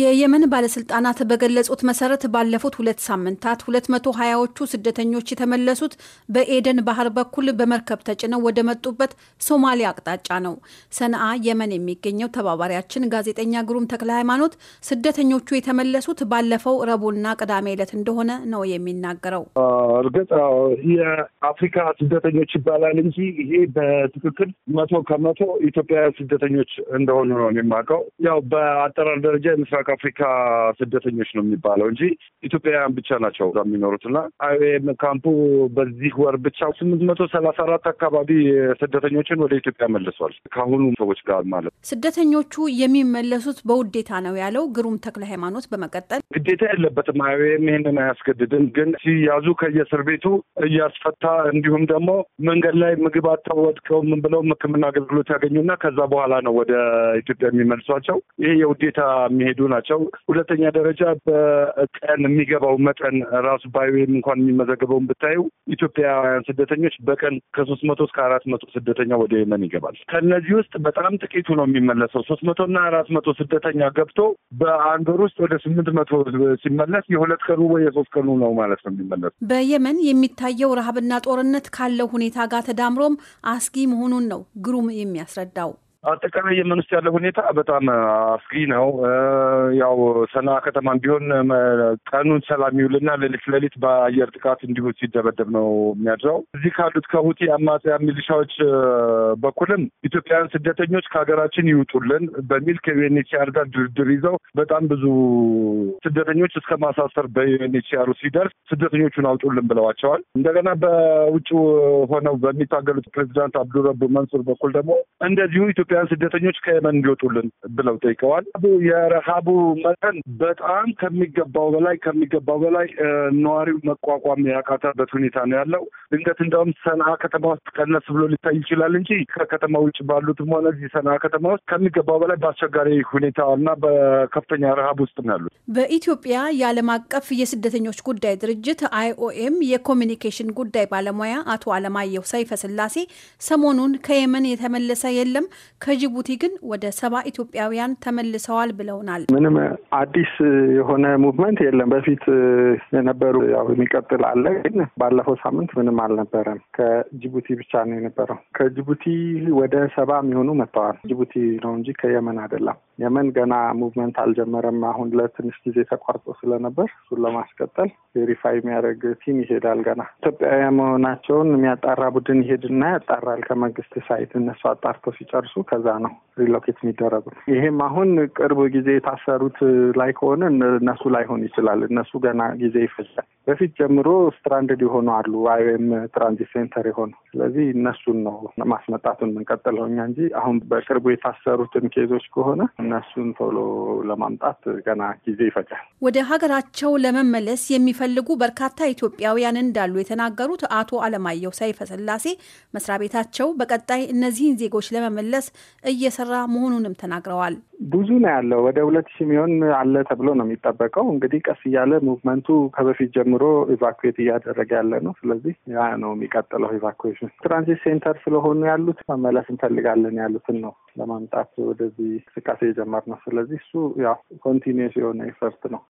የየመን ባለስልጣናት በገለጹት መሰረት ባለፉት ሁለት ሳምንታት መቶ ሀያዎቹ ስደተኞች የተመለሱት በኤደን ባህር በኩል በመርከብ ተጭነው ወደ መጡበት ሶማሊያ አቅጣጫ ነው። ሰነአ የመን የሚገኘው ተባባሪያችን ጋዜጠኛ ግሩም ተክለ ሃይማኖት ስደተኞቹ የተመለሱት ባለፈው ረቡዕና ቅዳሜ ዕለት እንደሆነ ነው የሚናገረው። እርግጥ የአፍሪካ ስደተኞች ይባላል እንጂ ይሄ በትክክል መቶ ከመቶ ኢትዮጵያ ስደተኞች እንደሆኑ ነው የማውቀው። ያው በአጠራር ደረጃ ምስራቅ አፍሪካ ስደተኞች ነው የሚባለው እንጂ ኢትዮጵያውያን ብቻ ናቸው የሚኖሩት እና አይኦኤም ካምፑ በዚህ ወር ብቻ ስምንት መቶ ሰላሳ አራት አካባቢ ስደተኞችን ወደ ኢትዮጵያ መልሷል። ከአሁኑ ሰዎች ጋር ማለት ስደተኞቹ የሚመለሱት በውዴታ ነው ያለው ግሩም ተክለ ሃይማኖት በመቀጠል ግዴታ የለበትም አይኦኤም ይህንን አያስገድድም። ግን ሲያዙ ከየእስር ቤቱ እያስፈታ እንዲሁም ደግሞ መንገድ ላይ ምግብ አጥተው ወድቀው ምን ብለው ሕክምና አገልግሎት ያገኙና ከዛ በኋላ ነው ወደ ኢትዮጵያ የሚመልሷቸው። ይሄ የውዴታ የሚሄዱ ናቸው። ሁለተኛ ደረጃ በቀን የሚገባው መጠን ራሱ ባይዌም እንኳን የሚመዘገበውን ብታዩ ኢትዮጵያውያን ስደተኞች በቀን ከሶስት መቶ እስከ አራት መቶ ስደተኛ ወደ የመን ይገባል። ከእነዚህ ውስጥ በጣም ጥቂቱ ነው የሚመለሰው። ሶስት መቶ እና አራት መቶ ስደተኛ ገብቶ በአንድ ወር ውስጥ ወደ ስምንት መቶ ሲመለስ የሁለት ቀኑ ወይ የሶስት ቀኑ ነው ማለት ነው የሚመለሱ። በየመን የሚታየው ረሃብና ጦርነት ካለው ሁኔታ ጋር ተዳምሮም አስጊ መሆኑን ነው ግሩም የሚያስረዳው። አጠቃላይ የመን ውስጥ ያለው ሁኔታ በጣም አስጊ ነው። ያው ሰና ከተማም ቢሆን ቀኑን ሰላም ይውልና ሌሊት ሌሊት በአየር ጥቃት እንዲሁ ሲደበደብ ነው የሚያድረው። እዚህ ካሉት ከሁቲ አማጽያ ሚሊሻዎች በኩልም ኢትዮጵያውያን ስደተኞች ከሀገራችን ይውጡልን በሚል ከዩኤንኤችሲአር ጋር ድርድር ይዘው በጣም ብዙ ስደተኞች እስከ ማሳሰር በዩኤንኤችሲአር ሲደርስ ስደተኞቹን አውጡልን ብለዋቸዋል። እንደገና በውጭ ሆነው በሚታገሉት ፕሬዚዳንት አብዱረቡ መንሱር በኩል ደግሞ እንደዚሁ ኢትዮጵያውያን ስደተኞች ከየመን እንዲወጡልን ብለው ጠይቀዋል። የረሃቡ መጠን በጣም ከሚገባው በላይ ከሚገባው በላይ ነዋሪው መቋቋም ያቃተበት ሁኔታ ነው ያለው። ድንገት እንደውም ሰንአ ከተማ ውስጥ ቀነስ ብሎ ሊታይ ይችላል እንጂ ከከተማ ውጭ ባሉትም ሆነ እዚህ ሰንአ ከተማ ውስጥ ከሚገባው በላይ በአስቸጋሪ ሁኔታ እና በከፍተኛ ረሃብ ውስጥ ነው ያሉት። በኢትዮጵያ የዓለም አቀፍ የስደተኞች ጉዳይ ድርጅት አይኦኤም የኮሚኒኬሽን ጉዳይ ባለሙያ አቶ አለማየሁ ሰይፈ ስላሴ ሰሞኑን ከየመን የተመለሰ የለም ከጅቡቲ ግን ወደ ሰባ ኢትዮጵያውያን ተመልሰዋል ብለውናል። ምንም አዲስ የሆነ ሙቭመንት የለም። በፊት የነበሩ ያው የሚቀጥል አለ፣ ግን ባለፈው ሳምንት ምንም አልነበረም። ከጅቡቲ ብቻ ነው የነበረው። ከጅቡቲ ወደ ሰባ የሚሆኑ መጥተዋል። ጅቡቲ ነው እንጂ ከየመን አይደለም። የመን ገና ሙቭመንት አልጀመረም። አሁን ለትንሽ ጊዜ ተቋርጦ ስለነበር እሱን ለማስቀጠል ቬሪፋይ የሚያደርግ ቲም ይሄዳል። ገና ኢትዮጵያውያን መሆናቸውን የሚያጣራ ቡድን ይሄድና ያጣራል ከመንግስት ሳይት። እነሱ አጣርተው ሲጨርሱ ከዛ ነው ሪሎኬት የሚደረጉት። ይሄም አሁን ቅርብ ጊዜ የታሰሩት ላይ ከሆነ እነሱ ላይሆን ይችላል። እነሱ ገና ጊዜ ይፈጃል። በፊት ጀምሮ ስትራንድድ የሆኑ አሉ ወይም ትራንዚት ሴንተር የሆኑ ስለዚህ እነሱን ነው ማስመጣቱን የምንቀጥለው እኛ እንጂ አሁን በቅርቡ የታሰሩትን ኬዞች ከሆነ እነሱን ቶሎ ለማምጣት ገና ጊዜ ይፈጃል። ወደ ሀገራቸው ለመመለስ የሚፈልጉ በርካታ ኢትዮጵያውያን እንዳሉ የተናገሩት አቶ አለማየሁ ሰይፈ ስላሴ መስሪያ ቤታቸው በቀጣይ እነዚህን ዜጎች ለመመለስ እየሰራ መሆኑንም ተናግረዋል። ብዙ ነው ያለው። ወደ ሁለት ሺህ ሚሆን አለ ተብሎ ነው የሚጠበቀው። እንግዲህ ቀስ እያለ ሙቭመንቱ ከበፊት ጀምሮ ኢቫኩዌት እያደረገ ያለ ነው። ስለዚህ ያ ነው የሚቀጥለው ኢቫኩዌሽን። ትራንዚት ሴንተር ስለሆኑ ያሉት መመለስ እንፈልጋለን ያሉትን ነው ለማምጣት ወደዚህ እንቅስቃሴ የጀመርነው። ስለዚህ እሱ ያው ኮንቲኒስ የሆነ ኤፈርት ነው።